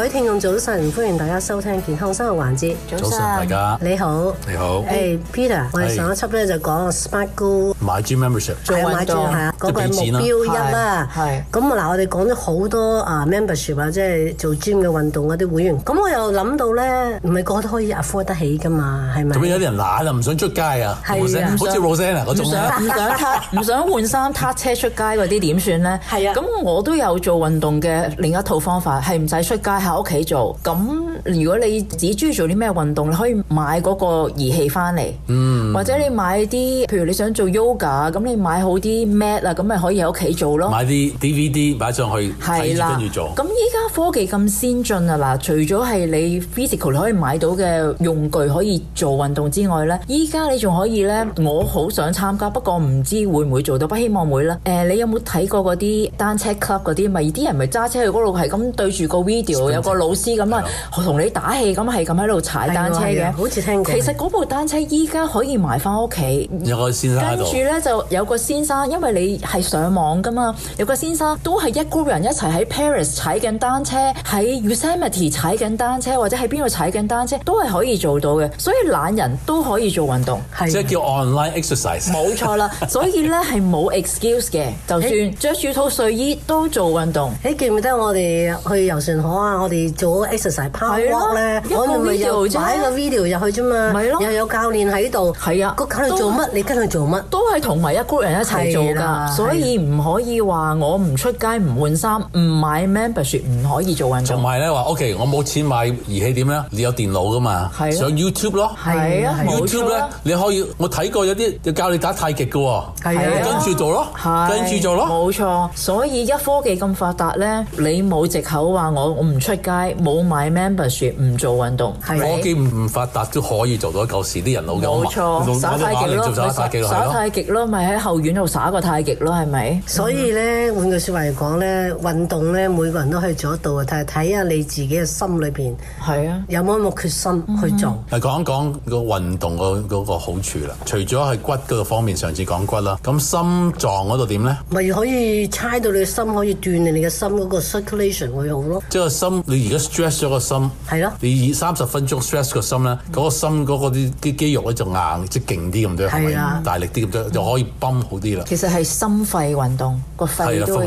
各位聽眾早晨，歡迎大家收聽健康生活環節。早晨安，大家你好，你好，誒 Peter，我哋上一輯咧就講 Spa 菇。Ah, gym 買 gym membership，做下 gym 啊，嗰、啊、個目標一啊，係咁嗱，我哋講咗好多啊 membership 啊，即係做 gym 嘅運動嗰啲會員。咁我又諗到咧，唔係個個都可以 afford 得起㗎嘛，係咪？做咩有啲人懶啊，唔想出街啊，冇聲、啊，ana, 想好似 Rosanna 啊嗰種咧。唔想唔 想，想換衫、踏車出街嗰啲點算咧？係啊。咁我都有做運動嘅另一套方法，係唔使出街喺屋企做。咁如果你只中意做啲咩運動，你可以買嗰個儀器翻嚟，嗯、或者你買啲，譬如你想做 yoga。咁你買好啲 mat 啦，咁咪可以喺屋企做咯。買啲 DVD 擺上去，睇啦係啦，跟住做。咁依家科技咁先進啊，嗱，除咗係你 physical 可以買到嘅用具可以做運動之外咧，依家你仲可以咧，我好想參加，不過唔知會唔會做到，不希望會啦。誒、呃，你有冇睇過嗰啲單車 club 嗰啲咪？啲人咪揸車去嗰度，係咁對住個 video，正有個老師咁啊，同的你打氣咁係咁喺度踩單車嘅。好似聽過。其實嗰部單車依家可以買翻屋企。有個先生喺度。咧就有個先生，因為你係上網㗎嘛，有個先生都係一 group 人一齊喺 Paris 踩緊單車，喺 Yosemite 踩緊單車，或者喺邊度踩緊單車都係可以做到嘅。所以懶人都可以做運動，係即係叫 online exercise，冇 錯啦。所以咧係冇 excuse 嘅， 就算着住套睡衣都做運動。誒 Hey, 記唔記得我哋去遊船河啊？我哋做 exercise power walk 的我哋咪做擺個 video 入去啫嘛，的又有教練喺度，係啊的，個教練做乜都你跟佢做乜都。都係同埋一 group 人一齊做㗎，所以唔可以話我唔出街唔換衫唔買 membership 唔可以做運動。同埋咧話，O K，我冇錢買儀器點咧？你有電腦噶嘛？係上 YouTube 咯。係啊，YouTube 咧你可以我睇過有啲教你打太極嘅喎，跟住做咯，跟住做咯。冇錯，所以一科技咁發達咧，你冇藉口話我我唔出街，冇買 membership 唔做運動。科技唔發達都可以做到，舊時啲人老咁話。冇錯，耍太極咯，佢耍太極咯，咪喺後院度耍個太極咯，係咪？所以咧，換、嗯、句話說話嚟講咧，運動咧，每個人都可以做得到啊，但係睇下你自己嘅心裏邊係啊，有冇一個決心去做？嚟講、嗯嗯、一講個運動個嗰個好處啦。除咗係骨嗰個方面，上次講骨啦，咁心臟嗰度點咧？咪可以猜到你嘅心可以鍛煉你嘅心嗰、嗰個 circulation 會好咯。即係心，你而家 stress 咗個心，係咯，你以三十分鐘 stress 個心咧，嗰個心嗰個啲啲肌肉咧就硬，即係勁啲咁多，係咪？係啊、大力啲咁多。就可以泵好啲啦。其實係心肺運動，個肺都然後呼吸。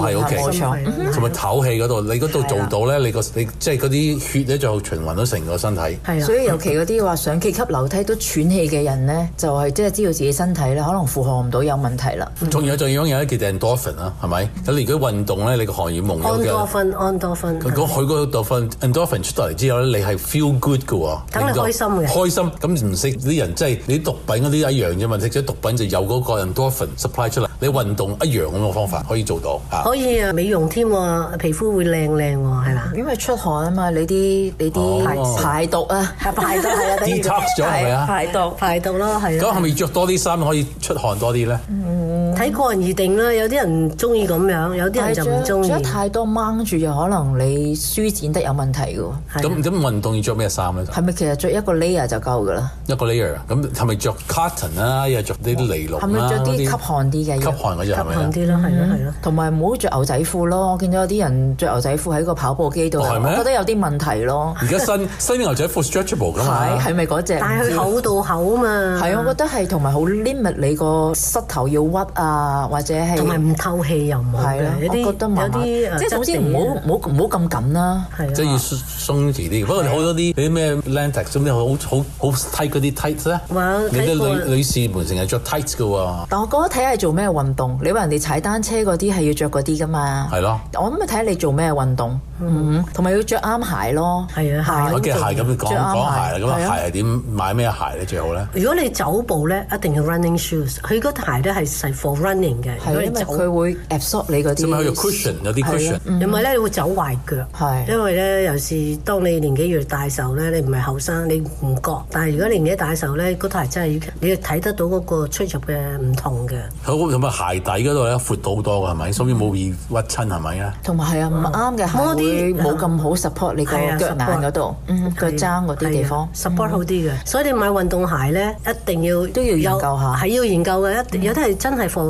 同埋唞氣嗰度，你嗰度做到咧，你個即係嗰啲血咧就循環到成個身體。所以尤其嗰啲話上幾級樓梯都喘氣嘅人咧，就係即係知道自己身體咧可能負荷唔到，有問題啦。仲有，仲要有咧叫 endorphin 啦，係咪？咁你如果運動咧，你個荷爾蒙咧 endorphin，endorphin 佢嗰度 endorphin 出到嚟之後呢，你係 feel good 㗎喎。等你開心嘅。開心咁唔識。啲人即係，你毒品嗰啲一樣啫嘛。食咗毒品就有嗰個。個人多一份 supply 出嚟，你運動一樣咁嘅方法可以做到吓，啊、可以啊美容添，哦，皮膚會靚靚喎，係嘛？因為出汗啊嘛，你啲你啲排毒啊，哦哦排毒啊，等於 排毒，啊、排毒咯，係。咁係咪着多啲衫可以出汗多啲咧？嗯睇個人而定啦，有啲人中意咁樣，有啲人就唔中意。着太多掹住又可能你舒展得有問題嘅喎。咁咁運動要着咩衫咧？係咪其實着一個 layer 就夠嘅啦？一個 layer，啊，咁係咪着 cotton 啊？又著啲尼龍啊？係咪着啲吸汗啲嘅？吸汗嗰啲咯，係咯係咯。同埋唔好着牛仔褲咯，我見到有啲人着牛仔褲喺個跑步機度，我覺得有啲問題咯。而家新新牛仔褲 stretchable 㗎。係係咪嗰隻？但係佢厚度厚啊嘛。係，我覺得係同埋好 limit 你個膝頭要屈啊。啊，或者係唔透氣，又唔係，你我覺得有啲，即係首先唔好唔好唔好咁緊啦，即係要鬆弛啲。不過好多啲啲咩 lentex 咁你好好好 tight 嗰啲 tights 咧，你啲女女士們成日着 tights 嘅喎。但我覺得睇下做咩運動，你話人哋踩單車嗰啲係要着嗰啲噶嘛？係咯，我諗咪睇下你做咩運動，同埋要着啱鞋咯，係啊，鞋嘅鞋，咁講講鞋，咁鞋係點買咩鞋你最好咧？如果你走步咧，一定要 running shoes，佢嗰鞋都係細貨。running 嘅，因為佢會 absorb 你嗰啲。有冇有 cushion？有啲 cushion。你會走壞腳。因為咧，尤是當你年紀越大時候咧，你唔係後生，你唔覺。但係如果年紀大嘅時候咧，嗰對鞋真係，你睇得到嗰個出入嘅唔同嘅。好咁，鞋底嗰度咧，闊到好多㗎，係咪？所以冇易屈親，係咪啊？同埋係啊，唔啱嘅。會冇咁好 support 你個腳眼嗰度，腳踭嗰啲地方 support 好啲嘅。所以你買運動鞋咧，一定要都要研究下，係要研究嘅。一有啲係真係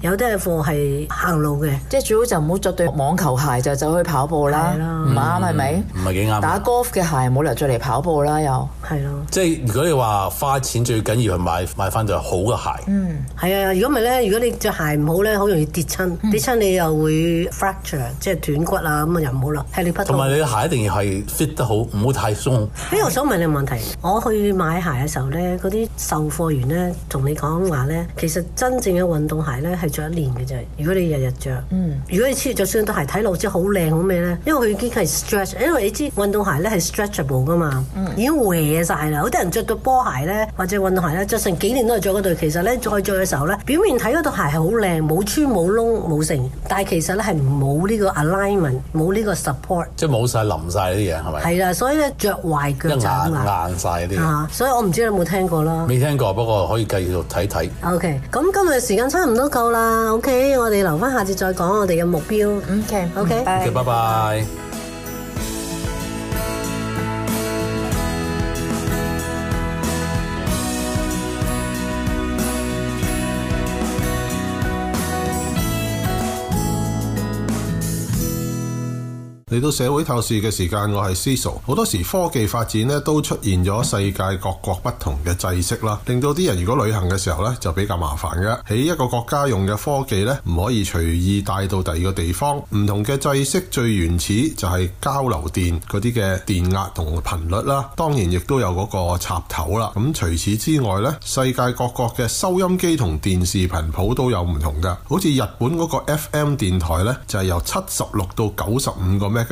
有啲嘅貨係行路嘅，即係最好就唔好着對網球鞋就走去跑步啦，係啦。唔啱係咪？唔係幾啱。嗯、的打 golf 嘅鞋冇理由着嚟跑步啦，又係咯。即係如果你話花錢最緊要係買買翻對好嘅鞋，嗯，係啊。如果唔係咧，如果你著鞋唔、嗯、好咧，好容易跌親，嗯、跌親你又會 fracture，即係斷骨啦。咁啊又唔好啦。係你不同。同埋你嘅鞋一定要係 fit 得好，唔好太鬆。哎、欸，的我想問你個問題，我去買鞋嘅時候咧，嗰啲售貨員咧同你講話咧，其實真正嘅運動鞋咧着一年嘅啫。如果你日日著，嗯、如果你穿著嗰對鞋睇落，只好靚好咩咧？因為佢已經係 stretch，因為你知運動鞋咧係 stretchable 噶嘛，嗯、已經歪晒啦。好多人着對波鞋咧，或者運動鞋咧，着成幾年都係着嗰對。其實咧，再着嘅時候咧，表面睇嗰對鞋係好靚，冇穿冇窿冇成，但係其實咧係冇呢個 alignment，冇呢個 support，即係冇曬淋曬啲嘢係咪？係啦，所以咧着壞腳啊爛嘛，硬硬啲嘢。所以我唔知你有冇聽過啦。未聽過，不過可以繼續睇睇。OK，咁今日時間差唔多夠啦。啊，OK，我哋留翻下，下次再講，我哋嘅目標，OK，OK，拜拜。嚟到社會透視嘅時間，我係 Cecil。好多時科技發展咧，都出現咗世界各國不同嘅制式啦，令到啲人如果旅行嘅時候咧，就比較麻煩嘅。喺一個國家用嘅科技咧，唔可以隨意帶到第二個地方。唔同嘅制式最原始就係交流電嗰啲嘅電壓同頻率啦。當然亦都有嗰個插頭啦。咁除此之外咧，世界各國嘅收音機同電視頻譜都有唔同㗎。好似日本嗰個 FM 電台咧，就係由七十六到九十五個咩？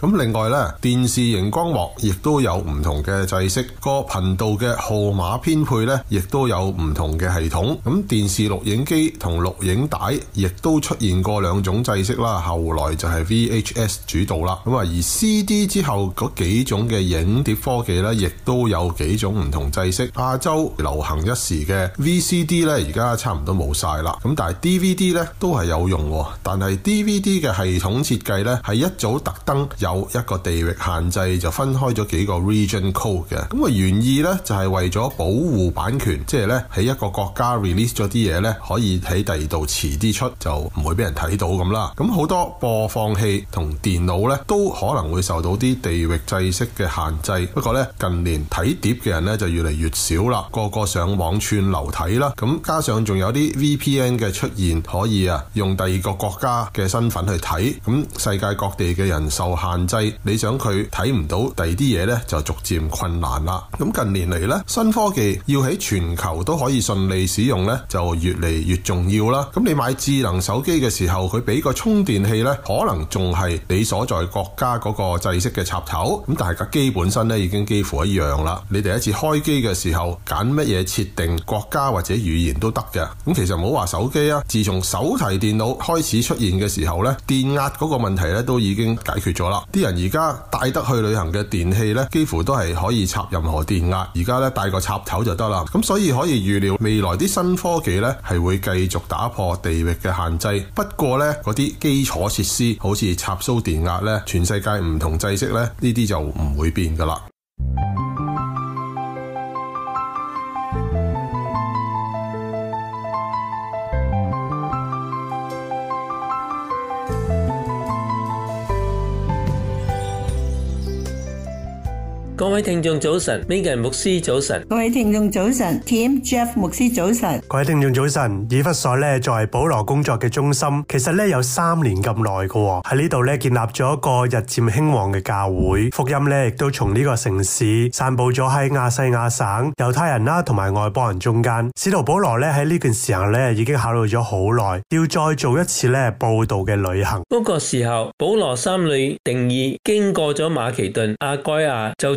咁另外呢，電視熒光幕亦都有唔同嘅制式，個頻道嘅號碼編配呢，亦都有唔同嘅系統。咁電視錄影機同錄影帶亦都出現過兩種制式啦，後來就係 VHS 主導啦。咁啊，而 CD 之後嗰幾種嘅影碟科技呢，亦都有幾種唔同制式。亞洲流行一時嘅 VCD 呢，而家差唔多冇晒啦。咁但係 DVD 呢，都係有用喎，但係 DVD 嘅系統設計呢，係一早，特登有一個地域限制，就分開咗幾個 region code 嘅。咁啊原意呢，就係為咗保護版權，即係呢，喺一個國家 release 咗啲嘢呢，可以喺第二度遲啲出，就唔會俾人睇到咁啦。咁好多播放器同電腦呢，都可能會受到啲地域制式嘅限制。不過呢，近年睇碟嘅人呢，就越嚟越少啦，個個上網串流睇啦。咁加上仲有啲 VPN 嘅出現，可以啊用第二個國家嘅身份去睇。咁世界各地嘅人受限制，你想佢睇唔到第二啲嘢呢，就逐漸困難啦。咁近年嚟呢，新科技要喺全球都可以順利使用呢，就越嚟越重要啦。咁你買智能手機嘅時候，佢俾個充電器呢，可能仲係你所在國家嗰個制式嘅插頭，咁但係個機本身呢，已經幾乎一樣啦。你第一次開機嘅時候，揀乜嘢設定國家或者語言都得嘅。咁其實唔好話手機啊，自從手提電腦開始出現嘅時候呢，電壓嗰個問題呢，都已經。解決咗啦！啲人而家帶得去旅行嘅電器呢，幾乎都係可以插任何電壓。而家呢，帶個插頭就得啦。咁所以可以預料未來啲新科技呢，係會繼續打破地域嘅限制。不過呢，嗰啲基礎設施好似插蘇電壓呢，全世界唔同制式呢，呢啲就唔會變噶啦。各位聽眾早晨，Mickey 牧師早晨，各位聽眾早晨，Tim、Jeff 牧師早晨，各位聽眾早晨，以弗所咧作為保羅工作嘅中心，其實咧有三年咁耐噶喎，喺呢度咧建立咗一個日漸興旺嘅教會，福音咧亦都從呢個城市散布咗喺亞西亞省猶太人啦同埋外邦人中間。使徒保羅咧喺呢段時間咧已經考慮咗好耐，要再做一次咧報道嘅旅行。嗰個時候，保羅心裏定意經過咗馬其頓、亞該亞就。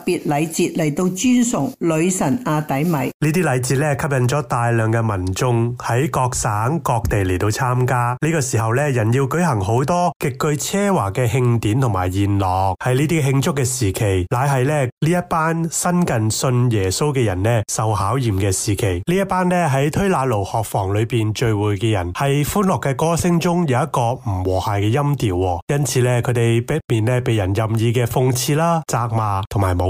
特別禮節嚟到尊崇女神阿底米，禮節呢啲禮節咧吸引咗大量嘅民眾喺各省各地嚟到參加。呢、這個時候咧，人要舉行好多極具奢華嘅慶典同埋宴樂。喺呢啲慶祝嘅時期，乃係咧呢一班新近信耶穌嘅人咧受考驗嘅時期。一呢一班咧喺推喇奴學房裏邊聚會嘅人，係歡樂嘅歌聲中有一個唔和諧嘅音調，因此咧佢哋不免咧被人任意嘅諷刺啦、責罵同埋侮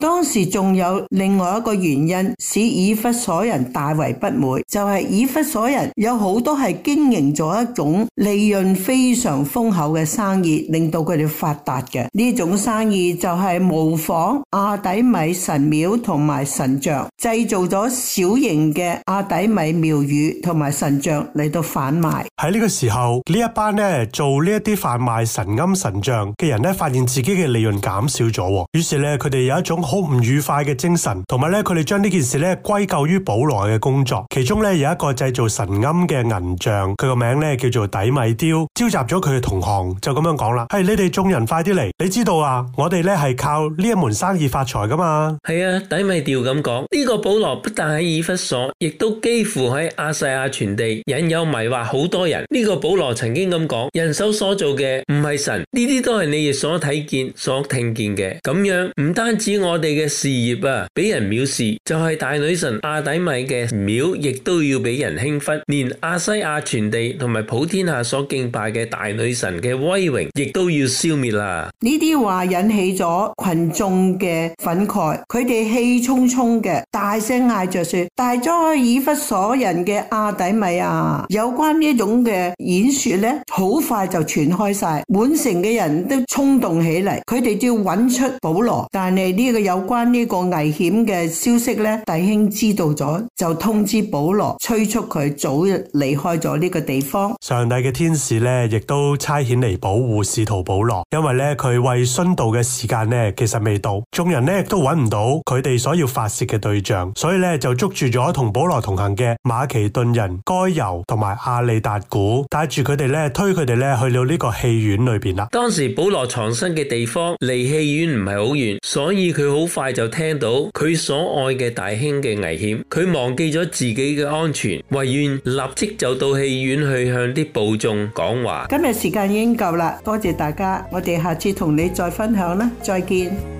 當時仲有另外一個原因，使以弗所人大為不滿，就係、是、以弗所人有好多係經營咗一種利潤非常豐厚嘅生意，令到佢哋發達嘅呢種生意就係模仿亞底米神廟同埋神像，製造咗小型嘅亞底米廟宇同埋神像嚟到販賣。喺呢個時候，呢一班呢做呢一啲販賣神龕神像嘅人呢，發現自己嘅利潤減少咗，於是呢，佢哋有一種。好唔愉快嘅精神，同埋咧，佢哋將呢件事咧歸咎於保羅嘅工作。其中咧有一個製造神龕嘅銀像，佢個名咧叫做底米丟」，召集咗佢嘅同行就咁樣講啦：，係、哎、你哋眾人快啲嚟！你知道啊，我哋咧係靠呢一門生意發財噶嘛？係啊，底米丟咁講。呢、這個保羅不但喺以弗所，亦都幾乎喺亞細亞全地引誘迷惑好多人。呢、這個保羅曾經咁講：，人手所做嘅唔係神，呢啲都係你哋所睇見、所聽見嘅。咁樣唔單止我。我哋嘅事業啊，俾人藐視，就係大女神阿底米嘅廟，亦都要俾人輕忽，連亞西亞全地同埋普天下所敬拜嘅大女神嘅威榮，亦都要消滅啦。呢啲話引起咗群眾嘅憤慨，佢哋氣沖沖嘅大聲嗌著說：大哉以弗所人嘅阿底米啊！有關呢種嘅演說咧，好快就傳開曬，滿城嘅人都沖動起嚟，佢哋要揾出保羅。但係呢個日。有關呢個危險嘅消息呢，弟兄知道咗，就通知保羅，催促佢早日離開咗呢個地方。上帝嘅天使呢，亦都差遣嚟保護使徒保羅，因為呢，佢為殉道嘅時間呢，其實未到，眾人呢都揾唔到佢哋所要發洩嘅對象，所以呢，就捉住咗同保羅同行嘅馬其頓人該猶同埋亞里達古，帶住佢哋呢，推佢哋呢，去到呢個戲院裏邊啦。當時保羅藏身嘅地方，離戲院唔係好遠，所以佢。佢好快就聽到佢所愛嘅大兄嘅危險，佢忘記咗自己嘅安全，唯願立即就到戲院去向啲暴眾講話。今日時間已經夠啦，多謝大家，我哋下次同你再分享啦，再見。